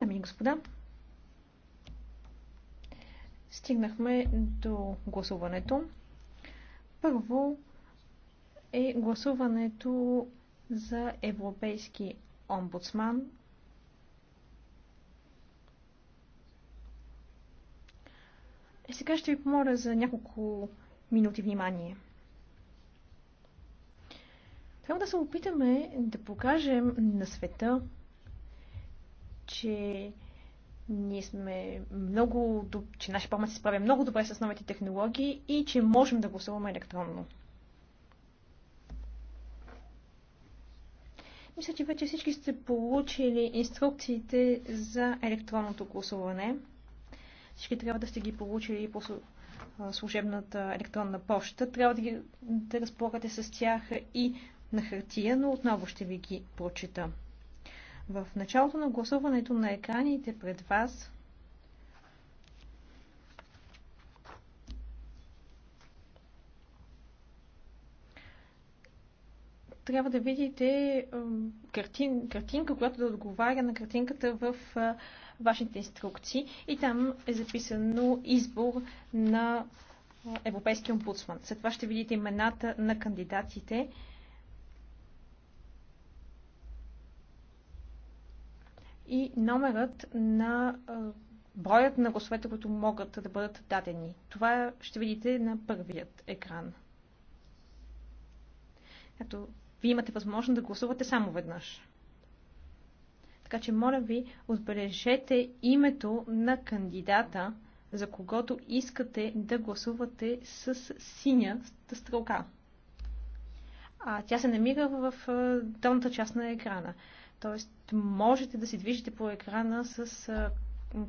Дами и господа, стигнахме до гласуването. Първо е гласуването за Европейски омбудсман. И е, сега ще ви помоля за няколко минути внимание. Трябва да се опитаме да покажем на света, че ние сме много, че нашия памет се справя много добре с новите технологии и че можем да гласуваме електронно. Мисля, че вече всички сте получили инструкциите за електронното гласуване. Всички трябва да сте ги получили по служебната електронна почта. Трябва да, ги, да разполагате с тях и на хартия, но отново ще ви ги прочита. В началото на гласуването на екраните пред вас трябва да видите картин, картинка, която да отговаря на картинката в вашите инструкции. И там е записано избор на Европейския омбудсман. След това ще видите имената на кандидатите. и номерът на броят на гласовете, които могат да бъдат дадени. Това ще видите на първият екран. Ето, вие имате възможност да гласувате само веднъж. Така че, моля ви, отбележете името на кандидата, за когото искате да гласувате с синята стрелка. А тя се намира в долната част на екрана. Тоест, можете да се движите по екрана с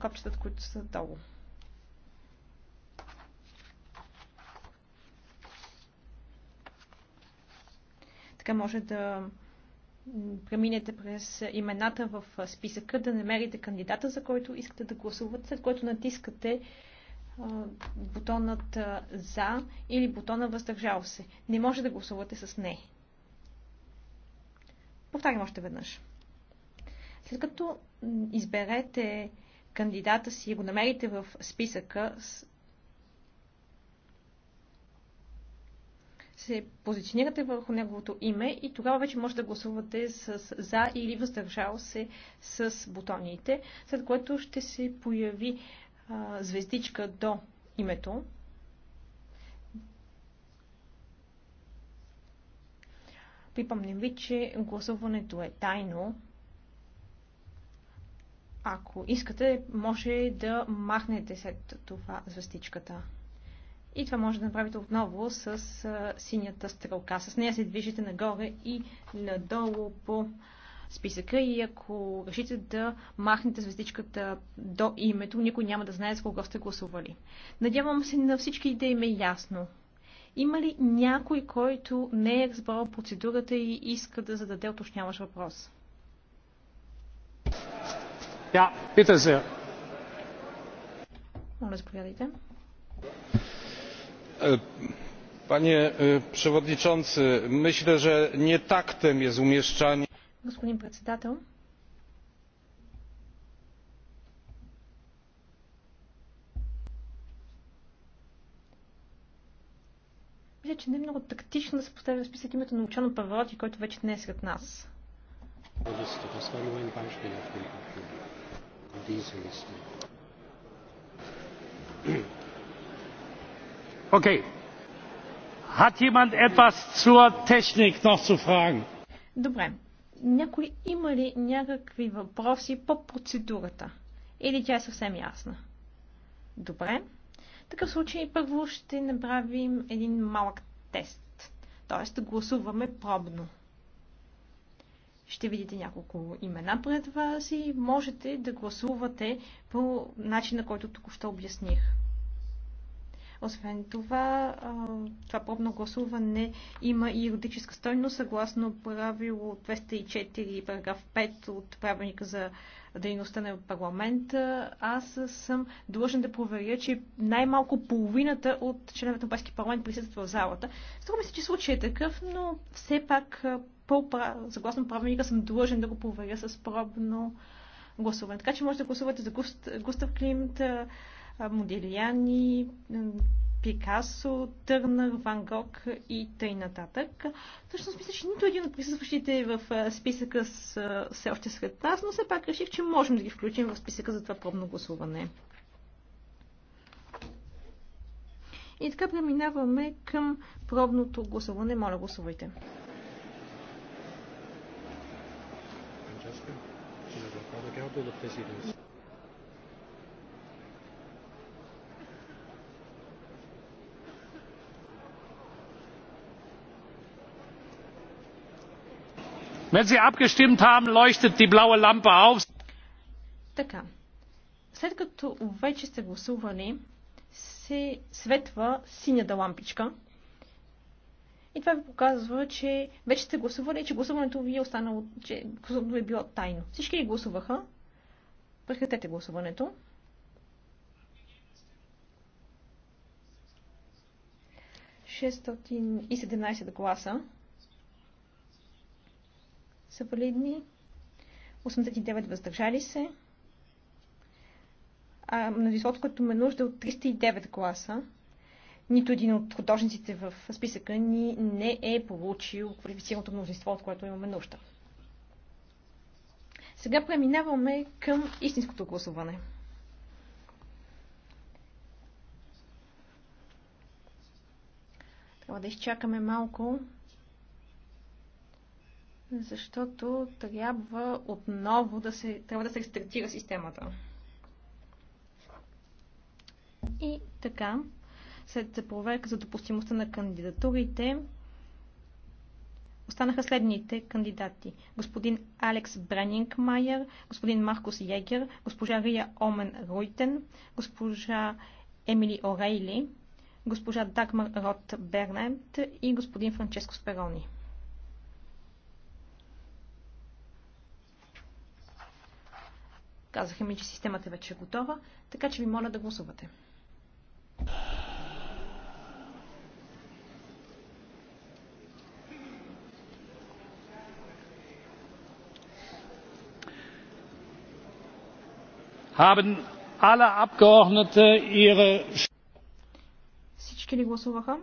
копчетата, които са долу. Така може да преминете през имената в списъка, да намерите кандидата, за който искате да гласувате, след което натискате бутонът за или бутона въздържал се. Не може да гласувате с не. Повтарям още веднъж. След като изберете кандидата си и го намерите в списъка, се позиционирате върху неговото име и тогава вече може да гласувате с за или въздържал се с бутоните, след което ще се появи а, звездичка до името. Припомням ви, че гласуването е тайно. Ако искате, може да махнете след това звестичката? И това може да направите отново с синята стрелка. С нея се движите нагоре и надолу по списъка и ако решите да махнете звездичката до името, никой няма да знае за кого сте гласували. Надявам се на всички да им е ясно. Има ли някой, който не е разбрал процедурата и иска да зададе уточняваш въпрос? Ja, bitte sehr. Моля, заповядайте. E, panie e, przewodniczący, myślę, że nie taktem jest umieszczanie. Господин председател, мисля, че не е много тактично да се поставя в списък името на Лучано Павроти, който вече не е сред нас. Das war nur ein Beispiel auf dem Papier, Liste. Okay. Hat jemand etwas zur Technik noch zu fragen? Добре. Някой има ли някакви въпроси по процедурата? Или тя е съвсем ясна? Добре. В такъв случай първо ще направим един малък тест. Тоест да гласуваме пробно. Ще видите няколко имена пред вас и можете да гласувате по начина, който току-що обясних. Освен това, това пробно гласуване има и юридическа стойност, съгласно правило 204, параграф 5 от правилника за дейността на парламента. Аз съм длъжен да проверя, че най-малко половината от членовете на парламент присъстват в залата. Струва ми се, че случай е такъв, но все пак по, съгласно правилника съм длъжен да го проверя с пробно гласуване. Така че може да гласувате за Густ, Густав Климт, Моделияни, Пикасо, Търнър, Ван Гог и тъй нататък. Всъщност мисля, че нито един от присъстващите е в списъка с все още сред нас, но все пак реших, че можем да ги включим в списъка за това пробно гласуване. И така преминаваме към пробното гласуване. Моля, гласувайте. Е Wenn Sie abgestimmt haben, leuchtet die blaue Lampe auf. Така. След като вече сте гласували, се светва синята лампичка. И това ви показва, че вече сте гласували, че гласуването ви е останало, че гласуването е било тайно. Всички ли гласуваха? Прекратете гласуването. Шестотин и гласа са валидни. 89 въздържали се. А мнозинството, което ме нужда е от 309 гласа, нито един от художниците в списъка ни не е получил квалифицираното мнозинство, от което имаме нужда. Сега преминаваме към истинското гласуване. Трябва да изчакаме малко, защото трябва отново да се, трябва да се рестартира системата. И така, след проверка за допустимостта на кандидатурите, останаха следните кандидати. Господин Алекс Бренинг Майер, господин Маркус Йегер, госпожа Рия Омен Руйтен, госпожа Емили Орейли, госпожа Дагмар Рот Бернет и господин Франческо Сперони. Казаха ми, че системата вече е готова, така че ви моля да гласувате. haben alle Abgeordnete ihre Всички ли гласуваха?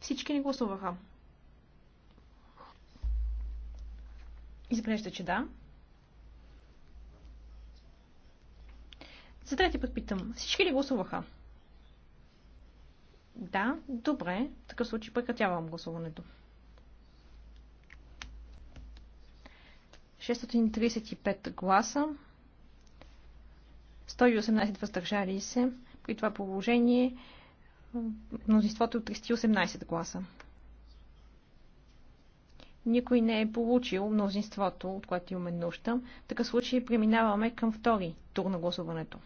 Всички ли гласуваха? Изглежда, че да. За трети път питам. Всички ли гласуваха? Да, добре. В такъв случай прекратявам гласуването. 635 гласа, 118 въздържали се. При това положение мнозинството е от 318 гласа. Никой не е получил мнозинството, от което имаме нужда. В такъв случай преминаваме към втори тур на гласуването.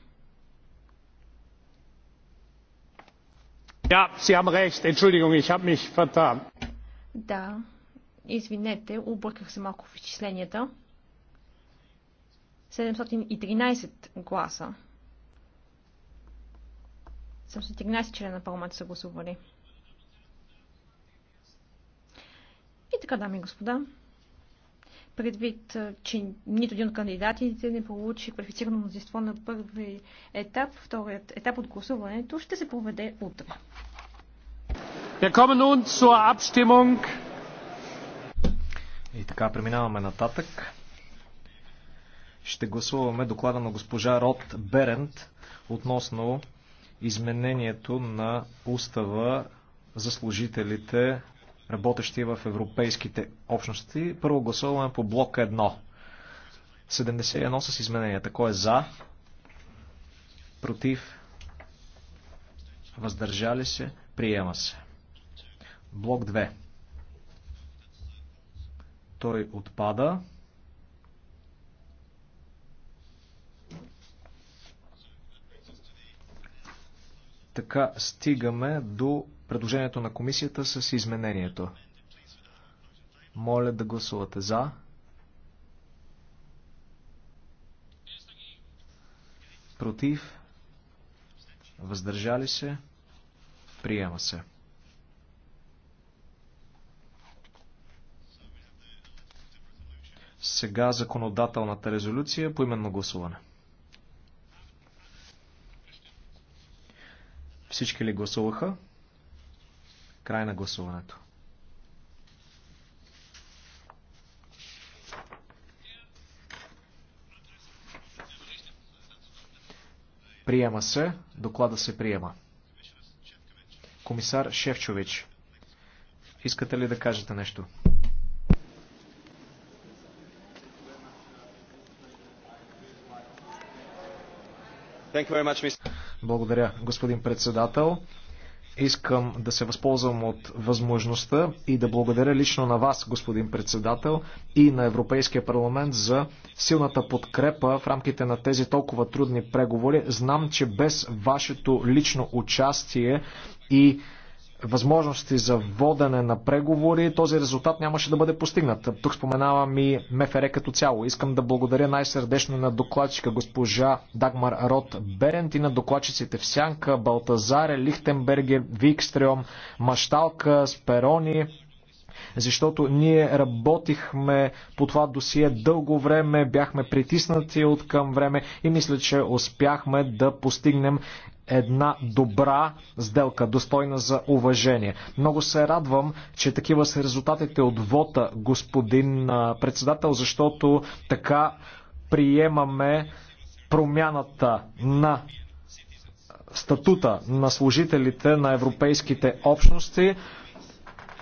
Ja, Sie haben recht. Entschuldigung, ich habe mich vertan. Да, извинете, обърках се малко в изчисленията. 713 гласа. 713 члена на парламента са гласували. И така, дами и господа, предвид, че нито един от кандидатите не получи квалифицирано мнозинство на първи етап, вторият етап от гласуването ще се проведе утре. И така, преминаваме нататък ще гласуваме доклада на госпожа Рот Берент относно изменението на устава за служителите, работещи в европейските общности. Първо гласуваме по блок 1. 71 с измененията. Кой е за? Против? Въздържали се? Приема се. Блок 2. Той отпада. Така стигаме до предложението на комисията с изменението. Моля да гласувате за. Против. Въздържали се. Приема се. Сега законодателната резолюция по именно гласуване. Всички ли гласуваха? Край на гласуването. Приема се. Доклада се приема. Комисар Шевчович, искате ли да кажете нещо? Much, благодаря, господин председател. Искам да се възползвам от възможността и да благодаря лично на вас, господин председател, и на Европейския парламент за силната подкрепа в рамките на тези толкова трудни преговори. Знам, че без вашето лично участие и възможности за водене на преговори, този резултат нямаше да бъде постигнат. Тук споменавам и МФР като цяло. Искам да благодаря най-сърдечно на докладчика госпожа Дагмар Рот Берент и на докладчиците в Сянка, Балтазаре, Лихтенбергер, Викстрем, Машталка, Сперони, защото ние работихме по това досие дълго време, бяхме притиснати от към време и мисля, че успяхме да постигнем една добра сделка, достойна за уважение. Много се радвам, че такива са резултатите от вота, господин председател, защото така приемаме промяната на статута на служителите на европейските общности.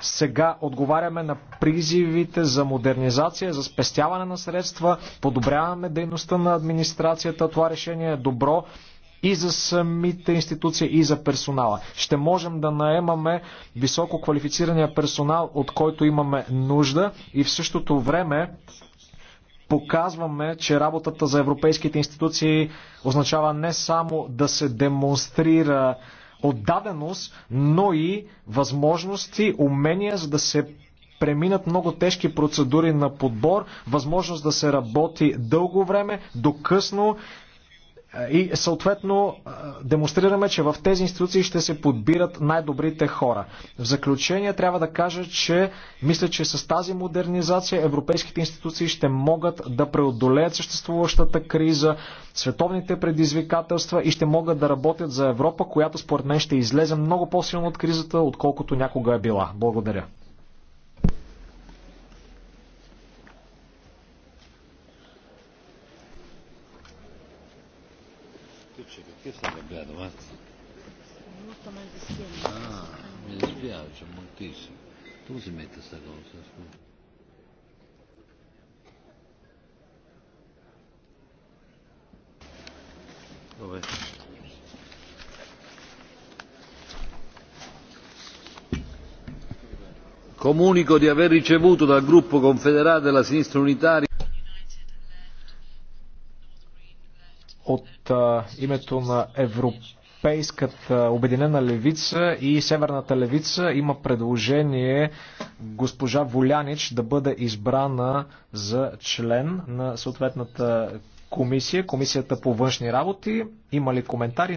Сега отговаряме на призивите за модернизация, за спестяване на средства, подобряваме дейността на администрацията. Това решение е добро и за самите институции, и за персонала. Ще можем да наемаме високо квалифицирания персонал, от който имаме нужда и в същото време показваме, че работата за европейските институции означава не само да се демонстрира отдаденост, но и възможности, умения, за да се преминат много тежки процедури на подбор, възможност да се работи дълго време, докъсно, и съответно демонстрираме, че в тези институции ще се подбират най-добрите хора. В заключение трябва да кажа, че мисля, че с тази модернизация европейските институции ще могат да преодолеят съществуващата криза, световните предизвикателства и ще могат да работят за Европа, която според мен ще излезе много по-силно от кризата, отколкото някога е била. Благодаря. Ah, mi dispiace moltissimo. Dove si mette sta cosa? Scusa. Dov'è? Comunico di aver ricevuto dal gruppo confederato della sinistra unitaria от а, името на Европейската обединена левица и Северната левица има предложение госпожа Волянич да бъде избрана за член на съответната комисия, комисията по външни работи. Има ли коментари?